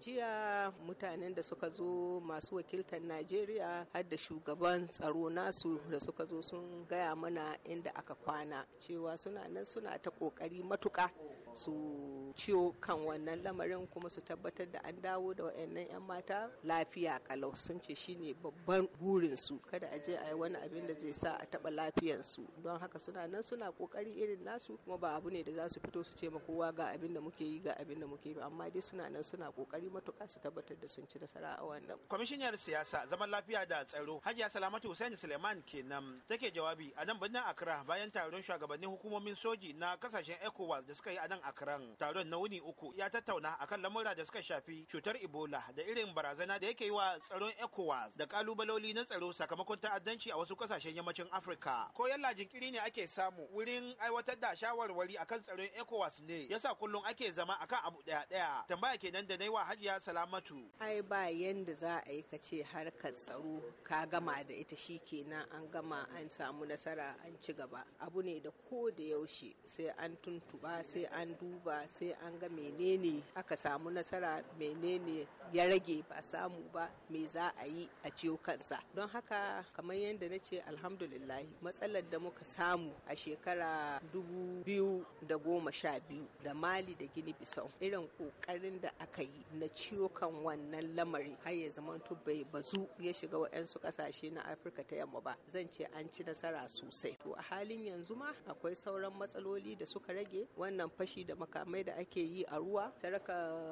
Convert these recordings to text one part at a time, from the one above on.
jiya mutanen da suka zo masu wakiltar najeriya har da shugaban tsaro nasu da suka zo sun gaya mana inda aka kwana cewa suna nan suna ta ƙoƙari matuƙa. su ciwo kan wannan lamarin kuma su tabbatar da an dawo da wayannan 'yan mata lafiya kalau sun ce shine babban burinsu kada a je a yi wani abin da zai sa a taɓa lafiyarsu don haka suna nan suna kokari irin nasu kuma ba abu ne da za su fito su ce ma kowa ga abin da muke yi ga abin da muke yi amma dai suna nan suna kokari matuka su tabbatar da sun ci nasara a wannan. kwamishiniyar siyasa zaman lafiya da tsaro hajiya salamatu hussein suleiman kenan take jawabi a nan birnin accra bayan taron shugabannin hukumomin soji na kasashen ecowas da suka yi a nan Akran. Taron na wuni uku ya tattauna akan lamura da suka shafi cutar Ebola da irin barazana da yake yi wa tsaron ECOWAS da kalubaloli na tsaro sakamakon ta'addanci a wasu kasashen yammacin Afirka. Ko yalla jinkiri ne ake samu wurin aiwatar da shawarwari akan tsaron ECOWAS ne yasa kullum ake zama akan abu daya daya. Tambaya kenan da na wa Hajiya Salamatu. Ai ba yanda za a yi kace ce harkar tsaro ka gama da ita shi kenan an gama an samu nasara an ci gaba. Abu ne da ko da yaushe sai an tuntuba sai an an duba sai an ga menene aka samu nasara menene ya rage ba samu ba me za a yi a ciwo kansa don haka kamar yadda na ce alhamdulillahi matsalar da muka samu a shekara dubu biyu da goma sha biyu da mali da gini bisau irin kokarin da aka yi na ciwo kan wannan lamari har ya zama bai bazu ya shiga waɗansu kasashe na afirka ta yamma ba zan ce an ci nasara sosai to a halin yanzu ma akwai sauran matsaloli da suka rage wannan fashi shi da makamai da ake yi a ruwa ta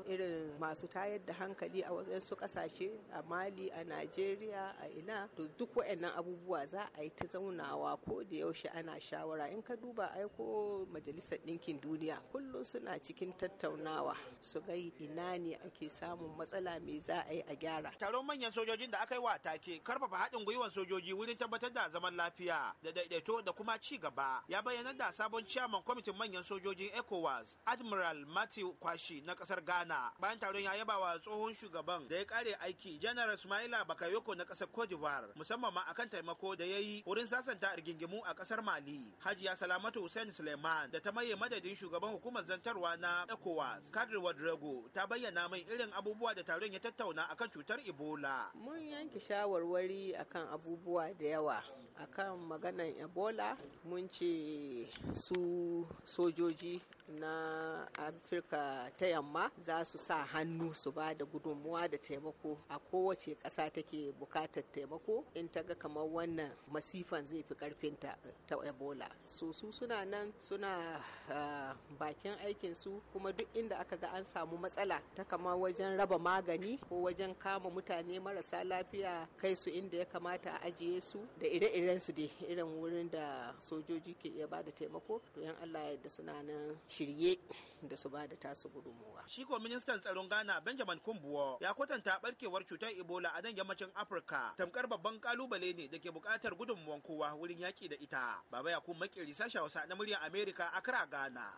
irin masu tayar da hankali a wasu kasashe a mali a nigeria a ina to duk waɗannan abubuwa za a yi ta zaunawa ko da yaushe ana shawara in ka duba aiko majalisar ɗinkin duniya kullum suna cikin tattaunawa su ga ina ne ake samun matsala me za a yi a gyara taron manyan sojojin da aka yi wa take karfafa haɗin gwiwar sojoji wurin tabbatar da zaman lafiya da daidaito da kuma ci gaba ya bayyana da sabon ciyaman kwamitin manyan sojojin ecowas Admiral Matthew Kwashi na kasar Ghana. Bayan taron ya yaba wa tsohon shugaban da ya kare aiki General Ismaila Bakayoko na kasar Cote d'Ivoire, musamman ma akan taimako da ya yi wurin sasanta rigingimu a kasar Mali. Hajiya Salamatu Hussein Suleiman da ta maye madadin shugaban hukumar zantarwa na ECOWAS, Kadri Wadrago, ta bayyana min irin abubuwa da taron ya tattauna akan cutar Ebola. Mun yanke shawarwari akan abubuwa da yawa. akan maganan Ebola mun ce su sojoji na afirka ta yamma za su sa hannu su ba da gudunmuwa da taimako a kowace ƙasa take bukatar taimako in ta ga kamar wannan masifan zai fi karfinta ta ebola so su suna nan suna ah, bakin aikinsu kuma duk inda aka ga an samu matsala ta kama wajen raba magani ko wajen kama mutane marasa lafiya kai su inda ya kamata a ajiye su da ire-iren su dai irin wurin da sojoji ke iya ba da taimako to yan allah yadda suna nan shirye da su ba da tasu gudunmuwa. Shi ko ministan tsaron Ghana Benjamin kumbuwa ya kwatanta barkewar cutar Ebola a nan yammacin Afirka tamkar babban kalubale ne da ke buƙatar gudunmuwan kowa wurin yaƙi da ita. Baba Yakubu Makeri sashen Hausa na muryar Amerika a kara Ghana.